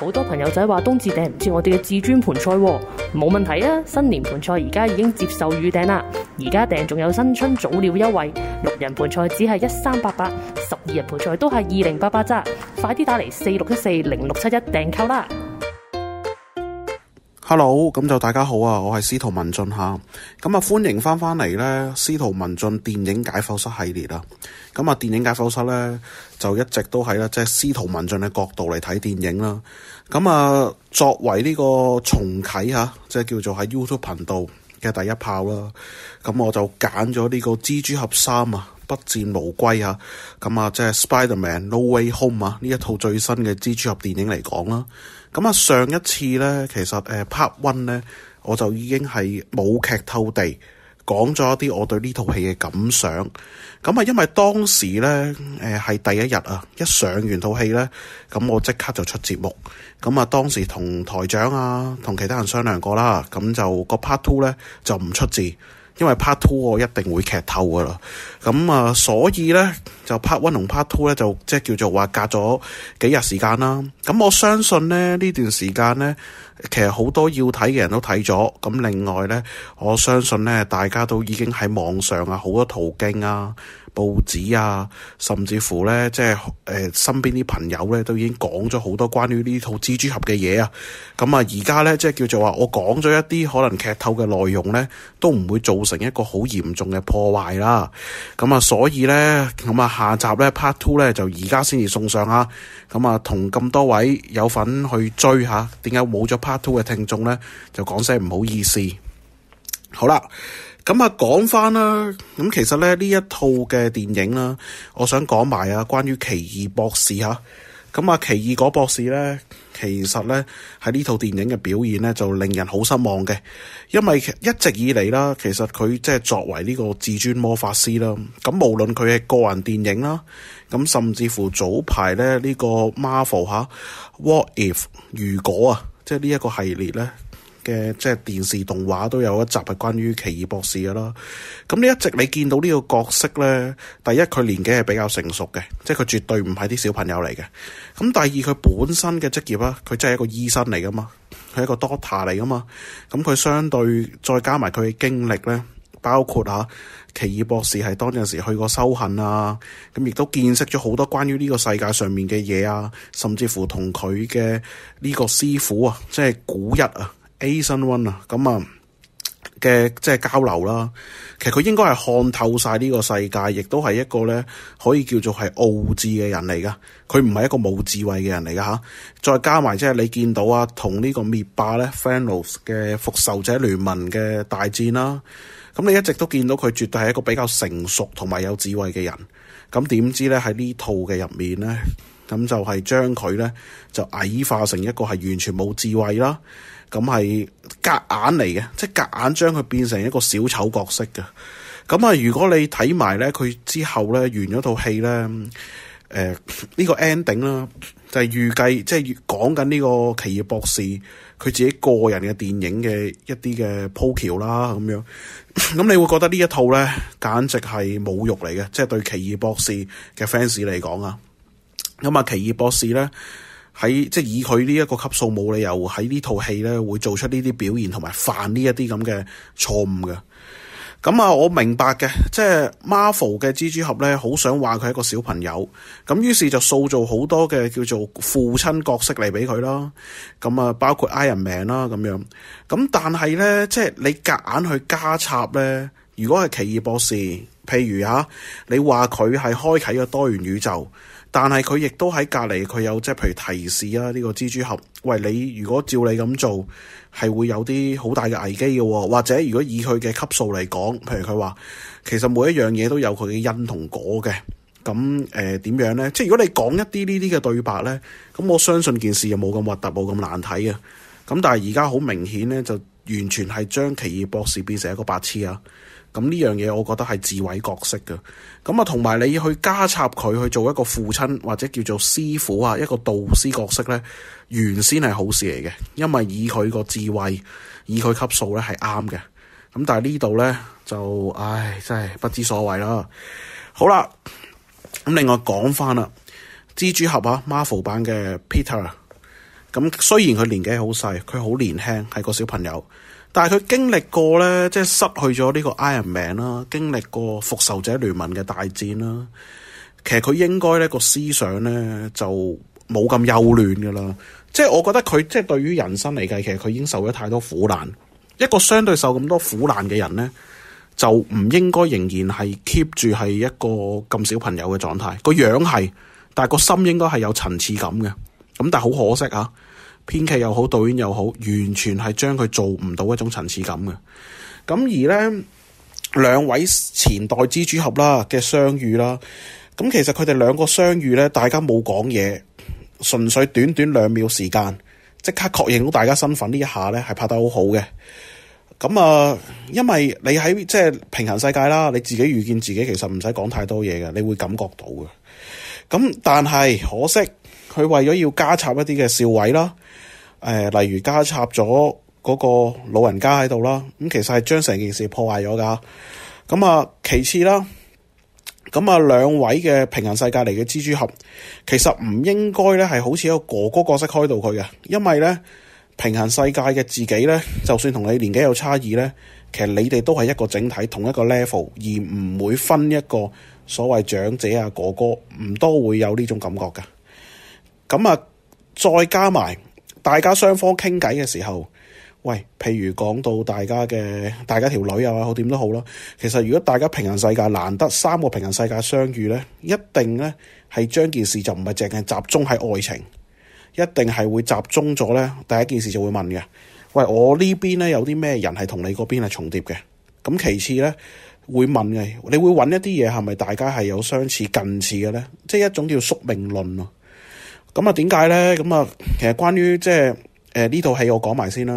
好多朋友仔話冬至訂唔切我哋嘅至尊盤菜，冇問題啊！新年盤菜而家已經接受預訂啦，而家訂仲有新春早鳥優惠，六人盤菜只係一三八八，十二人盤菜都係二零八八咋，快啲打嚟四六一四零六七一訂購啦！Hello，咁就大家好啊，我係司徒文進哈，咁啊歡迎翻返嚟咧，司徒文進電影解剖室系列啦，咁啊電影解剖室咧就一直都係啦，即係司徒文進嘅角度嚟睇電影啦，咁啊作為呢個重啟啊，即係叫做喺 YouTube 頻道嘅第一炮啦，咁我就揀咗呢個蜘蛛俠三啊。不戰無歸啊！咁啊，即係 Spider-Man No Way Home 啊！呢一套最新嘅蜘蛛俠電影嚟講啦，咁啊上一次呢，其實誒、呃、Part One 呢，我就已經係冇劇透地講咗一啲我對呢套戲嘅感想。咁啊，因為當時呢誒係、呃、第一日啊，一上完套戲呢，咁、啊、我即刻就出節目。咁啊，啊，當時同台長啊，同其他人商量過啦，咁、啊、就個 Part Two 呢，就唔出字。因為 part two 我一定會劇透㗎喇，咁啊所以咧就 part one 同 part two 咧就即係叫做話隔咗幾日時間啦。咁我相信咧呢段時間咧，其實好多要睇嘅人都睇咗。咁另外咧，我相信咧大家都已經喺網上啊好多途徑啊。報紙啊，甚至乎呢，即係誒、呃，身邊啲朋友呢，都已經講咗好多關於呢套蜘蛛俠嘅嘢啊。咁啊，而家呢，即係叫做話，我講咗一啲可能劇透嘅內容呢，都唔會造成一個好嚴重嘅破壞啦。咁啊，所以呢，咁啊，下集呢 Part Two 呢，就而家先至送上啊。咁啊，同咁多位有份去追吓，點解冇咗 Part Two 嘅聽眾呢？就講聲唔好意思。好啦。咁啊，講翻啦，咁其實咧呢一套嘅電影啦，我想講埋啊，關於奇異博士吓。咁啊奇異嗰博士咧，其實咧喺呢套電影嘅表現咧就令人好失望嘅，因為一直以嚟啦，其實佢即係作為呢個至尊魔法師啦，咁無論佢係個人電影啦，咁甚至乎早排咧呢個 Marvel 吓 What If 如果啊，即係呢一個系列咧。嘅即係電視動畫都有一集係關於奇異博士㗎啦。咁你一直你見到呢個角色咧，第一佢年紀係比較成熟嘅，即係佢絕對唔係啲小朋友嚟嘅。咁第二佢本身嘅職業啊，佢真係一個醫生嚟噶嘛，佢一個 doctor 嚟噶嘛。咁佢相對再加埋佢嘅經歷咧，包括吓、啊、奇異博士係當陣時去過修行啊，咁、嗯、亦都見識咗好多關於呢個世界上面嘅嘢啊，甚至乎同佢嘅呢個師傅啊，即係古一啊。Ancient One 啊，咁啊嘅即係交流啦。其實佢應該係看透晒呢個世界，亦都係一個咧可以叫做係傲智嘅人嚟噶。佢唔係一個冇智慧嘅人嚟噶吓。再加埋即係你見到啊，同呢個滅霸咧，Thanos 嘅復仇者聯盟嘅大戰啦。咁你一直都見到佢絕對係一個比較成熟同埋有智慧嘅人。咁點知咧，喺呢套嘅入面咧，咁就係將佢咧就矮化成一個係完全冇智慧啦。咁係夾硬嚟嘅，即係夾硬將佢變成一個小丑角色嘅。咁、嗯、啊，如果你睇埋咧，佢之後咧完咗套戲咧，誒、呃、呢、這個 ending 啦，就係預計即係講緊呢個奇異博士佢自己個人嘅電影嘅一啲嘅鋪橋啦咁樣。咁、 嗯、你會覺得呢一套咧，簡直係侮辱嚟嘅，即係對奇異博士嘅 fans 嚟講啊。咁、嗯、啊，奇異博士咧。喺即係以佢呢一個級數，冇理由喺呢套戲咧會做出呢啲表現同埋犯呢一啲咁嘅錯誤嘅。咁啊，我明白嘅，即係 Marvel 嘅蜘蛛俠咧，好想話佢係一個小朋友。咁於是就塑造好多嘅叫做父親角色嚟俾佢啦。咁啊，包括 Iron Man 啦、啊、咁樣。咁但係咧，即係你夾硬去加插咧，如果係奇異博士，譬如嚇、啊、你話佢係開啟咗多元宇宙。但係佢亦都喺隔籬，佢有即係譬如提示啊，呢個蜘蛛俠，喂，你如果照你咁做，係會有啲好大嘅危機嘅，哦，或者如果以佢嘅級數嚟講，譬如佢話，其實每一樣嘢都有佢嘅因同果嘅，咁誒點樣咧？即係如果你講一啲呢啲嘅對白咧，咁我相信件事就冇咁核突，冇咁難睇嘅。咁但係而家好明顯咧，就完全係將奇異博士變成一個白痴啊！咁呢樣嘢，我覺得係智慧角色嘅。咁啊，同埋你去加插佢去做一個父親或者叫做師傅啊，一個導師角色咧，原先係好事嚟嘅。因為以佢個智慧，以佢級數咧係啱嘅。咁但係呢度咧就唉，真係不知所為啦。好啦，咁另外講翻啦，蜘蛛俠啊，Marvel 版嘅 Peter。咁雖然佢年紀好細，佢好年輕，係個小朋友。但係佢經歷過呢，即係失去咗呢個 Iron Man 啦，經歷過復仇者聯盟嘅大戰啦。其實佢應該呢個思想呢，就冇咁幼嫩噶啦。即係我覺得佢即係對於人生嚟計，其實佢已經受咗太多苦難。一個相對受咁多苦難嘅人呢，就唔應該仍然係 keep 住係一個咁小朋友嘅狀態。個樣係，但係個心應該係有層次感嘅。咁但係好可惜啊！編劇又好，導演又好，完全係將佢做唔到一種層次感嘅。咁而呢兩位前代蜘蛛俠啦嘅相遇啦，咁其實佢哋兩個相遇呢，大家冇講嘢，純粹短短兩秒時間，即刻確認到大家身份呢一下呢係拍得好好嘅。咁啊，因為你喺即係平行世界啦，你自己遇見自己，其實唔使講太多嘢嘅，你會感覺到嘅。咁但係可惜。佢為咗要加插一啲嘅笑位啦，誒、呃，例如加插咗嗰個老人家喺度啦，咁其實係將成件事破壞咗噶。咁、嗯、啊，其次啦，咁、嗯、啊，兩位嘅平行世界嚟嘅蜘蛛俠其實唔應該咧係好似一個哥哥角色開導佢嘅，因為咧平行世界嘅自己咧，就算同你年紀有差異咧，其實你哋都係一個整體同一個 level，而唔會分一個所謂長者啊哥哥，唔多會有呢種感覺噶。咁啊，再加埋大家雙方傾偈嘅時候，喂，譬如講到大家嘅大家條女又好點都好啦。其實如果大家平行世界難得三個平行世界相遇咧，一定咧係將件事就唔係淨係集中喺愛情，一定係會集中咗咧，第一件事就會問嘅。喂，我呢邊咧有啲咩人係同你嗰邊係重疊嘅？咁其次咧會問嘅，你會揾一啲嘢係咪大家係有相似近似嘅咧？即係一種叫宿命論咯。咁啊，點解咧？咁啊，其實關於即係誒呢套戲，呃、我講埋先啦。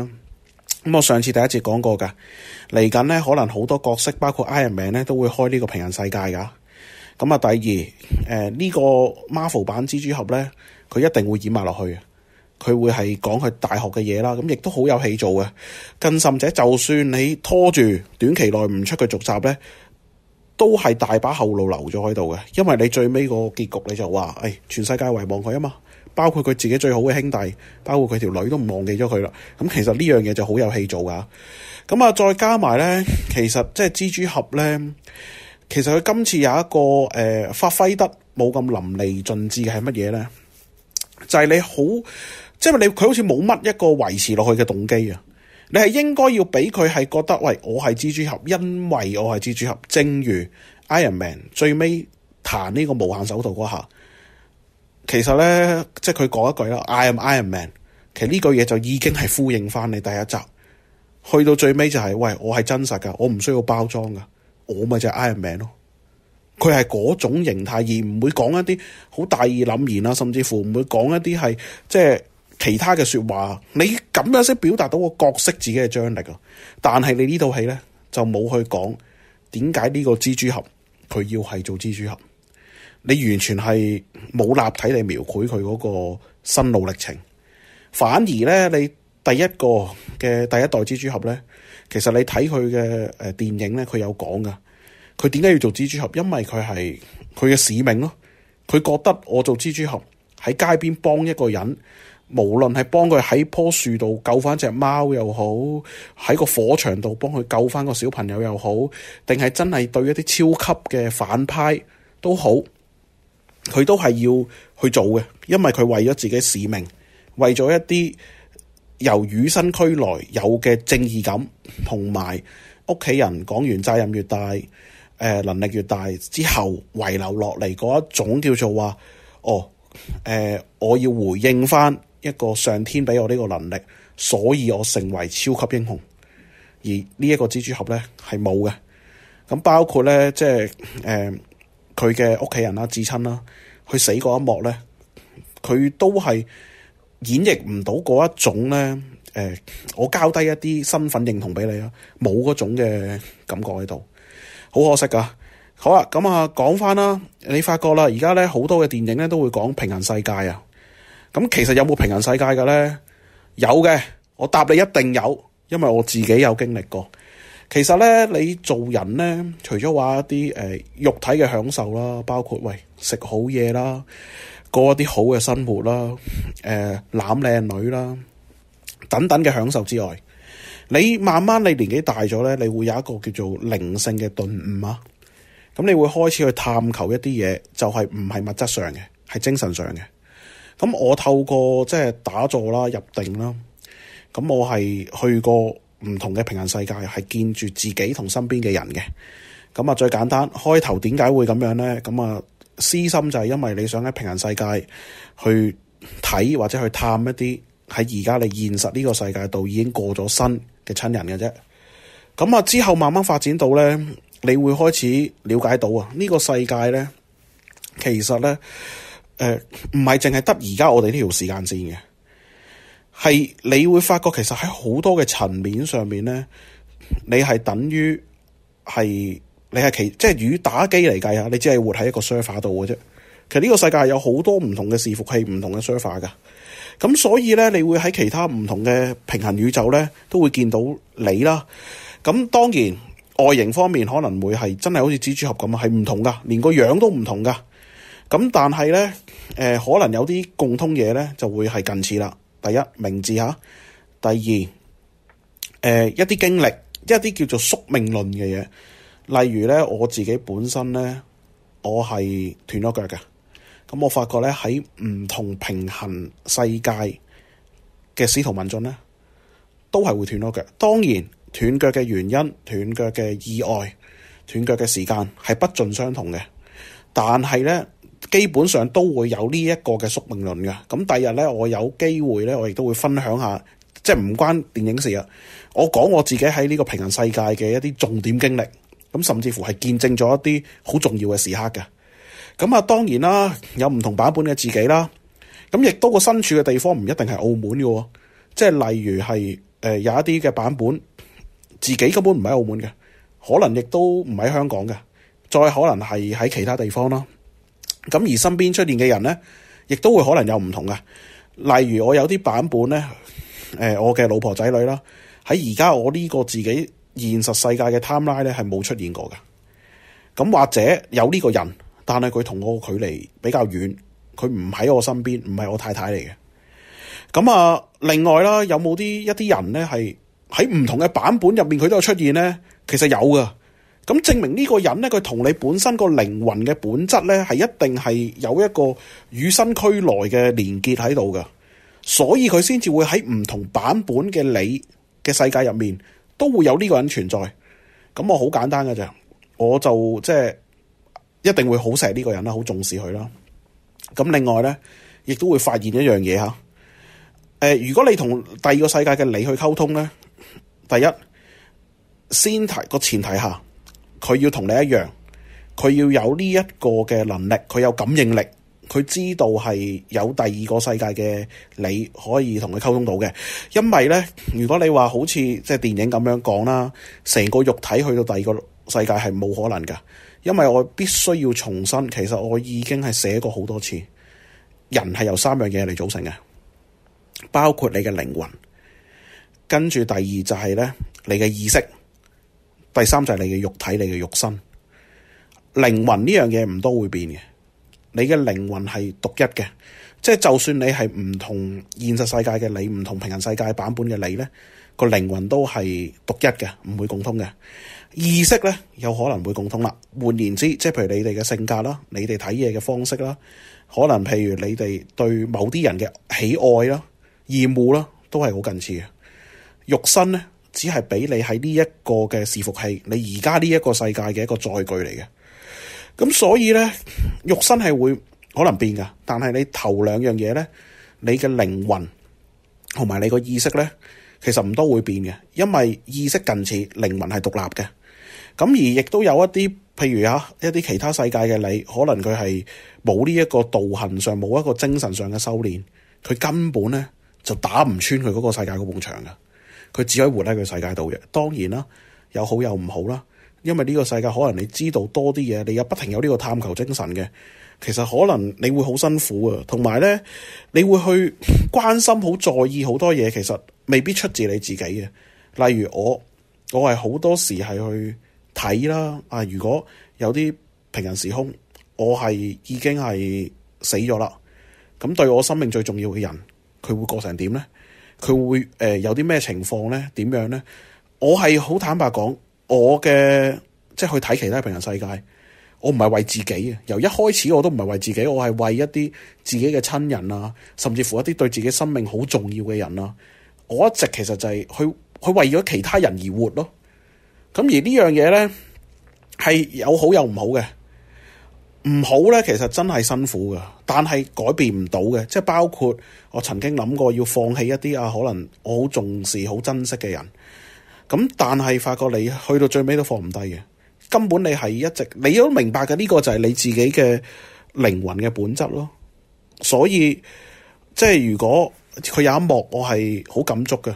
咁、嗯、我上次第一節講過噶，嚟緊咧可能好多角色，包括 Iron Man 咧，都會開呢個平行世界噶。咁、嗯、啊，第二誒呢、呃這個 Marvel 版蜘蛛俠咧，佢一定會演埋落去，佢會係講佢大學嘅嘢啦。咁亦都好有戲做嘅。更甚至，就算你拖住短期內唔出佢續集咧，都係大把後路留咗喺度嘅，因為你最尾個結局你就話，誒、哎、全世界遺忘佢啊嘛。包括佢自己最好嘅兄弟，包括佢條女都唔忘記咗佢啦。咁其實呢樣嘢就好有氣做㗎。咁啊，再加埋呢，其實即係、就是、蜘蛛俠呢，其實佢今次有一個誒、呃、發揮得冇咁淋漓盡致嘅係乜嘢呢？就係、是、你、就是、你好，即係你佢好似冇乜一個維持落去嘅動機啊！你係應該要俾佢係覺得喂，我係蜘蛛俠，因為我係蜘蛛俠，正如 Iron Man，最尾彈呢個無限手套嗰下。其實呢，即係佢講一句啦，I am Iron Man。其實呢個嘢，就已經係呼應翻你第一集。去到最尾就係、是，喂，我係真實噶，我唔需要包裝噶，我咪就係 Iron Man 咯。佢係嗰種形態，而唔會講一啲好大義凜然啦，甚至乎唔會講一啲係即係其他嘅說話。你咁樣先表達到個角色自己嘅張力啊。但係你呢套戲呢，就冇去講點解呢個蜘蛛俠佢要係做蜘蛛俠。你完全係冇立體嚟，描繪佢嗰個心路歷程。反而咧，你第一個嘅第一代蜘蛛俠咧，其實你睇佢嘅誒電影咧，佢有講噶，佢點解要做蜘蛛俠？因為佢係佢嘅使命咯，佢覺得我做蜘蛛俠喺街邊幫一個人，無論係幫佢喺樖樹度救翻隻貓又好，喺個火場度幫佢救翻個小朋友又好，定係真係對一啲超級嘅反派都好。佢都係要去做嘅，因為佢為咗自己使命，為咗一啲由與生俱來有嘅正義感，同埋屋企人講完責任越大，誒、呃、能力越大之後遺留落嚟嗰一種叫做話，哦，誒、呃、我要回應翻一個上天畀我呢個能力，所以我成為超級英雄。而呢一個蜘蛛俠咧係冇嘅，咁包括咧即係誒。呃佢嘅屋企人啦、至親啦，佢死嗰一幕咧，佢都係演繹唔到嗰一種咧。誒、呃，我交低一啲身份認同畀你啊，冇嗰種嘅感覺喺度，好可惜啊。好、嗯、啊，咁啊，講翻啦，你發覺啦，而家咧好多嘅電影咧都會講平行世界啊。咁其實有冇平行世界嘅咧？有嘅，我答你一定有，因為我自己有經歷過。其實咧，你做人咧，除咗話一啲誒、呃、肉體嘅享受啦，包括喂食好嘢啦，過一啲好嘅生活啦，誒攬靚女啦，等等嘅享受之外，你慢慢你年紀大咗咧，你會有一個叫做靈性嘅頓悟啊！咁你會開始去探求一啲嘢，就係唔係物質上嘅，係精神上嘅。咁我透過即係打坐啦、入定啦，咁我係去過。唔同嘅平行世界係見住自己同身邊嘅人嘅。咁啊最簡單開頭點解會咁樣呢？咁啊私心就係因為你想喺平行世界去睇或者去探一啲喺而家你現實呢個世界度已經過咗身嘅親人嘅啫。咁啊之後慢慢發展到咧，你會開始了解到啊呢個世界咧，其實咧誒唔係淨係得而家我哋呢條時間線嘅。係你會發覺，其實喺好多嘅層面上面咧，你係等於係你係其即係與打機嚟計下，你只係活喺一個 server 度嘅啫。其實呢個世界有好多唔同嘅伺服器、唔同嘅 server 噶，咁所以咧，你會喺其他唔同嘅平行宇宙咧，都會見到你啦。咁當然外形方面可能會係真係好似蜘蛛俠咁，係唔同噶，連個樣都唔同噶。咁但係咧，誒、呃、可能有啲共通嘢咧，就會係近似啦。第一名字，哈，第二，誒、呃、一啲經歷，一啲叫做宿命論嘅嘢，例如咧我自己本身咧，我係斷咗腳嘅，咁我發覺咧喺唔同平行世界嘅司徒文進咧，都係會斷咗腳。當然斷腳嘅原因、斷腳嘅意外、斷腳嘅時間係不盡相同嘅，但係咧，基本上都會有呢一個嘅宿命論嘅咁。第日呢，我有機會呢，我亦都會分享下，即係唔關電影事啊。我講我自己喺呢個平行世界嘅一啲重點經歷，咁甚至乎係見證咗一啲好重要嘅時刻嘅。咁啊，當然啦，有唔同版本嘅自己啦。咁亦都個身處嘅地方唔一定係澳門嘅，即係例如係誒、呃、有一啲嘅版本自己根本唔喺澳門嘅，可能亦都唔喺香港嘅，再可能係喺其他地方啦。咁而身邊出現嘅人呢，亦都會可能有唔同嘅。例如我有啲版本呢，誒、呃、我嘅老婆仔女啦，喺而家我呢個自己現實世界嘅 timeline 呢，係冇出現過嘅。咁或者有呢個人，但係佢同我距離比較遠，佢唔喺我身邊，唔係我太太嚟嘅。咁啊，另外啦，有冇啲一啲人呢？係喺唔同嘅版本入面佢都有出現呢？其實有嘅。咁證明呢個人呢，佢同你本身個靈魂嘅本質呢，係一定係有一個與生俱來嘅連結喺度嘅，所以佢先至會喺唔同版本嘅你嘅世界入面都會有呢個人存在。咁我好簡單嘅咋，我就即係、就是、一定會好錫呢個人啦，好重視佢啦。咁另外呢，亦都會發現一樣嘢吓，誒、呃，如果你同第二個世界嘅你去溝通呢，第一先提個前提下。佢要同你一樣，佢要有呢一個嘅能力，佢有感應力，佢知道係有第二個世界嘅，你可以同佢溝通到嘅。因為咧，如果你話好似即係電影咁樣講啦，成個肉體去到第二個世界係冇可能噶，因為我必須要重申，其實我已經係寫過好多次，人係由三樣嘢嚟組成嘅，包括你嘅靈魂，跟住第二就係咧你嘅意識。第三就係你嘅肉體，你嘅肉身、靈魂呢樣嘢唔多會變嘅。你嘅靈魂係獨一嘅，即係就算你係唔同現實世界嘅你，唔同平行世界版本嘅你咧，個靈魂都係獨一嘅，唔會共通嘅。意識咧，有可能會共通啦。換言之，即係譬如你哋嘅性格啦，你哋睇嘢嘅方式啦，可能譬如你哋對某啲人嘅喜愛啦、厭惡啦，都係好近似嘅。肉身咧。只係畀你喺呢一個嘅伺服器，你而家呢一個世界嘅一個載具嚟嘅。咁所以呢，肉身係會可能變噶，但係你頭兩樣嘢呢，你嘅靈魂同埋你個意識呢，其實唔都會變嘅，因為意識近似，靈魂係獨立嘅。咁而亦都有一啲，譬如吓一啲其他世界嘅你，可能佢係冇呢一個道行上冇一個精神上嘅修煉，佢根本呢就打唔穿佢嗰個世界嗰埲牆嘅。佢只可以活喺佢世界度嘅，當然啦，有好有唔好啦。因為呢個世界可能你知道多啲嘢，你又不停有呢個探求精神嘅，其實可能你會好辛苦啊。同埋咧，你會去關心、好在意好多嘢，其實未必出自你自己嘅。例如我，我係好多時係去睇啦。啊，如果有啲平行時空，我係已經係死咗啦。咁對我生命最重要嘅人，佢會過成點咧？佢會誒、呃、有啲咩情況咧？點樣咧？我係好坦白講，我嘅即係去睇其他平行世界，我唔係為自己，由一開始我都唔係為自己，我係為一啲自己嘅親人啊，甚至乎一啲對自己生命好重要嘅人啊。我一直其實就係去去為咗其他人而活咯。咁而呢樣嘢咧，係有好有唔好嘅。唔好咧，其實真係辛苦噶，但係改變唔到嘅，即係包括我曾經諗過要放棄一啲啊，可能我好重視、好珍惜嘅人。咁但係發覺你去到最尾都放唔低嘅，根本你係一直你都明白嘅，呢個就係你自己嘅靈魂嘅本質咯。所以即係如果佢有一幕，我係好感觸嘅，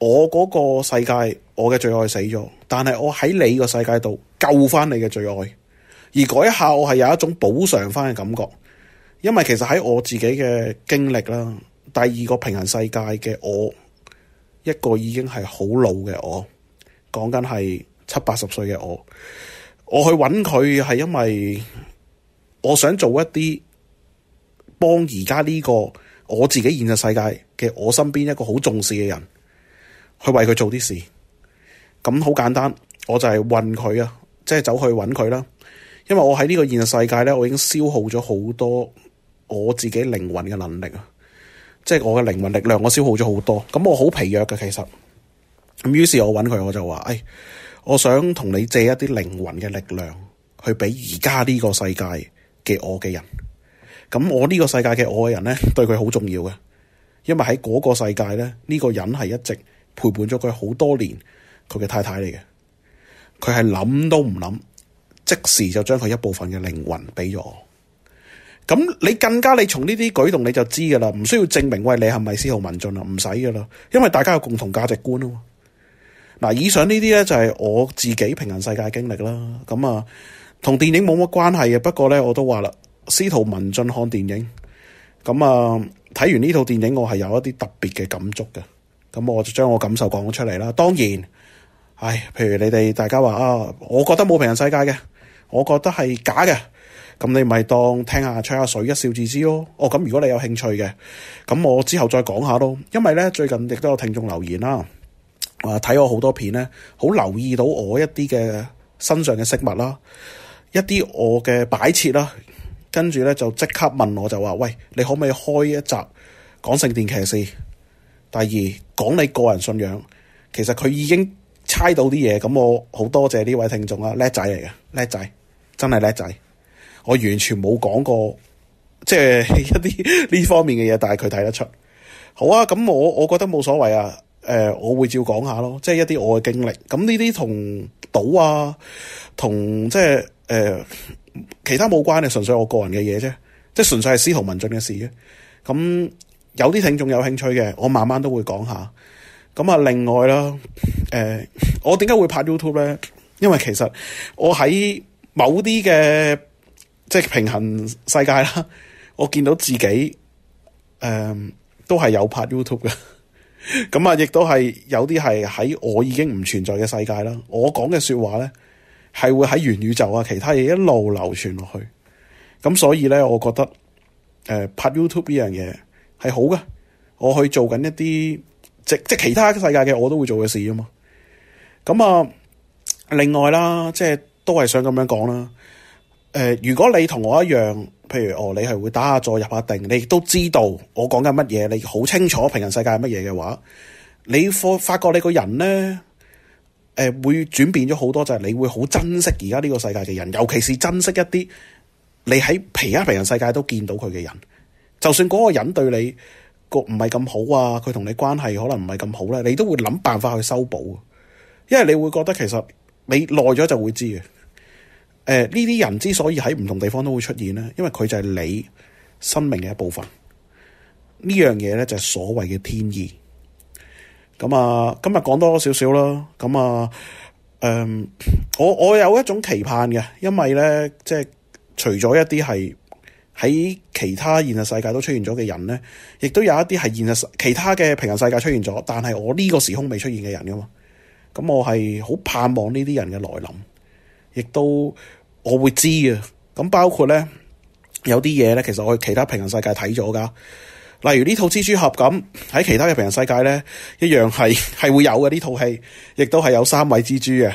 我嗰個世界我嘅最愛死咗，但係我喺你個世界度救翻你嘅最愛。而嗰一刻我係有一種補償返嘅感覺，因為其實喺我自己嘅經歷啦。第二個平行世界嘅我，一個已經係好老嘅我，講緊係七八十歲嘅我。我去揾佢，係因為我想做一啲幫而家呢個我自己現實世界嘅我身邊一個好重視嘅人去為佢做啲事。咁好簡單，我就係揾佢啊，即係走去揾佢啦。因為我喺呢個現實世界咧，我已經消耗咗好多我自己靈魂嘅能力啊，即係我嘅靈魂力量，我消耗咗好多。咁我好疲弱嘅，其實咁。於是我揾佢，我就話：誒，我想同你借一啲靈魂嘅力量，去畀而家呢個世界嘅我嘅人。咁我呢個世界嘅我嘅人咧，對佢好重要嘅，因為喺嗰個世界咧，呢個人係一直陪伴咗佢好多年，佢嘅太太嚟嘅，佢係諗都唔諗。即時就將佢一部分嘅靈魂畀咗我，咁你更加你從呢啲舉動你就知噶啦，唔需要證明，喂，你係咪司徒文進啦？唔使噶啦，因為大家有共同價值觀吖嘛。嗱、啊，以上呢啲咧就係我自己平行世界經歷啦。咁啊，同電影冇乜關係嘅，不過咧我都話啦，司徒文進看電影，咁啊睇完呢套電影我係有一啲特別嘅感觸嘅，咁、啊、我就將我感受講咗出嚟啦。當然，唉，譬如你哋大家話啊，我覺得冇平行世界嘅。我覺得係假嘅，咁你咪當聽下吹下水一笑置之咯。哦，咁如果你有興趣嘅，咁我之後再講下咯。因為呢，最近亦都有聽眾留言啦、啊，話睇我好多片呢，好留意到我一啲嘅身上嘅飾物啦、啊，一啲我嘅擺設啦、啊，跟住呢，就即刻問我就話：喂，你可唔可以開一集講聖殿騎士？第二講你個人信仰，其實佢已經猜到啲嘢，咁我好多謝呢位聽眾啦、啊，叻仔嚟嘅，叻仔。真係叻仔，我完全冇講過即係一啲呢 方面嘅嘢，但係佢睇得出。好啊。咁我我覺得冇所謂啊。誒、呃，我會照講下咯，即係一啲我嘅經歷。咁呢啲同賭啊，同即係誒、呃、其他冇關嘅，純粹我個人嘅嘢啫，即係純粹係司徒文進嘅事嘅。咁有啲聽眾有興趣嘅，我慢慢都會講下。咁啊，另外啦，誒、呃，我點解會拍 YouTube 咧？因為其實我喺。某啲嘅即係平行世界啦，我見到自己誒、呃、都係有拍 YouTube 嘅，咁啊亦都係有啲係喺我已經唔存在嘅世界啦。我講嘅說話咧係會喺元宇宙啊，其他嘢一路流傳落去。咁所以咧，我覺得誒、呃、拍 YouTube 呢樣嘢係好嘅，我去做緊一啲即即係其他世界嘅我都會做嘅事啊嘛。咁啊，另外啦，即係。都係想咁樣講啦。誒、呃，如果你同我一樣，譬如哦，你係會打下坐入下定，你亦都知道我講緊乜嘢，你好清楚平行世界係乜嘢嘅話，你會發覺你個人咧，誒、呃、會轉變咗好多，就係、是、你會好珍惜而家呢個世界嘅人，尤其是珍惜一啲你喺其他平行世界都見到佢嘅人，就算嗰個人對你個唔係咁好啊，佢同你關係可能唔係咁好咧，你都會諗辦法去修補，因為你會覺得其實。你耐咗就會知嘅。誒、呃，呢啲人之所以喺唔同地方都會出現呢，因為佢就係你生命嘅一部分。呢樣嘢呢，就係、是、所謂嘅天意。咁啊，今日講多少少啦。咁啊，誒、嗯，我我有一種期盼嘅，因為呢，即、就、係、是、除咗一啲係喺其他現實世界都出現咗嘅人呢，亦都有一啲係現實其他嘅平行世界出現咗，但係我呢個時空未出現嘅人噶嘛。咁我係好盼望呢啲人嘅來臨，亦都我會知啊。咁包括呢有啲嘢呢，其實我去其他平行世界睇咗噶。例如呢套蜘蛛俠咁，喺其他嘅平行世界呢，一樣係係會有嘅呢套戲，亦都係有三位蜘蛛嘅。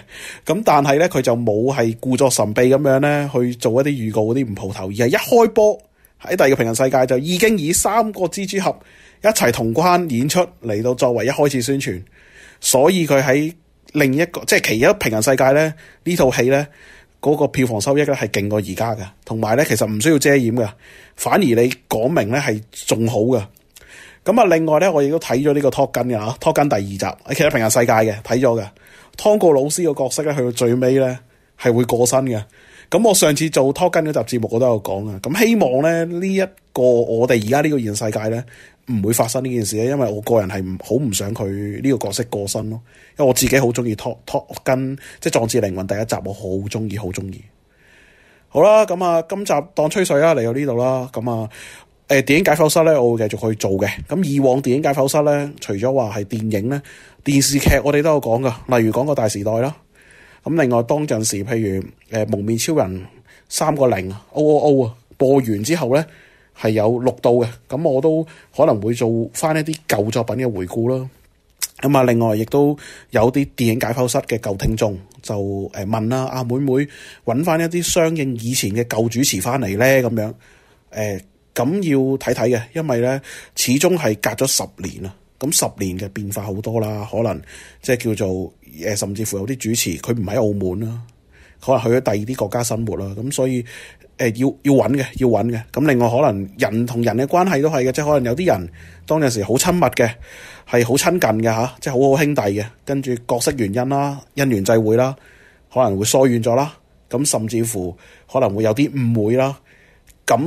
咁但係呢，佢就冇係故作神秘咁樣呢去做一啲預告嗰啲唔蒲頭，而係一開波喺第二個平行世界就已經以三個蜘蛛俠一齊同框演出嚟到作為一開始宣傳，所以佢喺。另一個即係其他平行世界咧，呢套戲咧嗰個票房收益咧係勁過而家嘅，同埋咧其實唔需要遮掩嘅，反而你講明咧係仲好嘅。咁啊，另外咧我亦都睇咗呢個託根嘅嚇，託根第二集喺其他平行世界嘅睇咗嘅，湯告老師個角色咧去到最尾咧係會過身嘅。咁我上次做拖根嗰集節目，我都有講啊。咁希望咧呢一個我哋而家呢個現實世界咧，唔會發生呢件事咧，因為我個人係好唔想佢呢個角色過身咯。因為我自己好鍾意拖拖根，即係壯志凌雲第一集，我好鍾意，好鍾意。好啦，咁啊，今集當吹水啊，嚟到呢度啦。咁啊，誒，電影解剖室咧，我會繼續去做嘅。咁以往電影解剖室咧，除咗話係電影咧，電視劇我哋都有講噶，例如講個大時代啦。咁另外，當陣時譬如誒《蒙面超人》三個零 O O O 啊，播完之後咧係有六度嘅，咁我都可能會做翻一啲舊作品嘅回顧囉。咁啊，另外亦都有啲電影解剖室嘅舊聽眾就誒問啦，啊會唔會揾翻一啲相應以前嘅舊主持翻嚟咧？咁樣誒咁要睇睇嘅，因為咧始終係隔咗十年啊，咁十年嘅變化好多啦，可能即係叫做。甚至乎有啲主持佢唔喺澳門啦、啊，可能去咗第二啲國家生活啦、啊，咁所以誒要要揾嘅，要揾嘅。咁另外可能人同人嘅關係都係嘅，即係可能有啲人當陣時好親密嘅，係好親近嘅嚇，即係好好兄弟嘅。跟住角色原因啦，因緣際會啦，可能會疏遠咗啦。咁甚至乎可能會有啲誤會啦。咁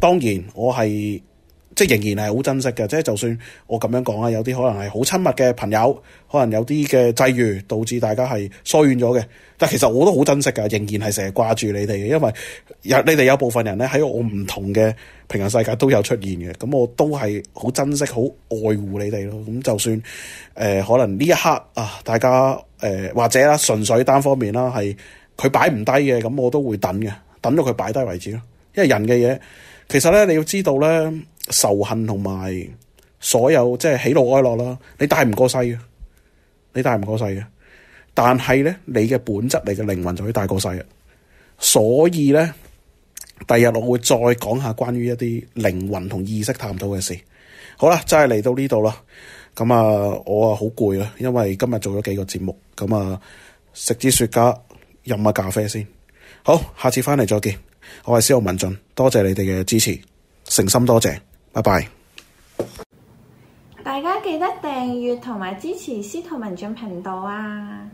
當然我係。即仍然係好珍惜嘅，即係就算我咁樣講啊，有啲可能係好親密嘅朋友，可能有啲嘅際遇導致大家係疏遠咗嘅。但其實我都好珍惜嘅，仍然係成日掛住你哋嘅，因為有你哋有部分人咧喺我唔同嘅平行世界都有出現嘅。咁我都係好珍惜、好愛護你哋咯。咁就算誒、呃、可能呢一刻啊，大家誒、呃、或者啦，純粹單方面啦，係佢擺唔低嘅，咁我都會等嘅，等到佢擺低為止咯。因為人嘅嘢。其實咧，你要知道咧，仇恨同埋所有即係喜怒哀樂啦，你帶唔過世嘅，你帶唔過世嘅。但係咧，你嘅本質，你嘅靈魂就可以帶過世嘅。所以咧，第日我會再講下關於一啲靈魂同意識探討嘅事。好啦，真係嚟到呢度啦。咁啊，我啊好攰啊，因為今日做咗幾個節目。咁啊，食支雪茄，飲下咖啡先。好，下次翻嚟再見。我係司徒文進，多謝你哋嘅支持，誠心多謝，拜拜。大家記得訂閱同埋支持司徒文進頻道啊！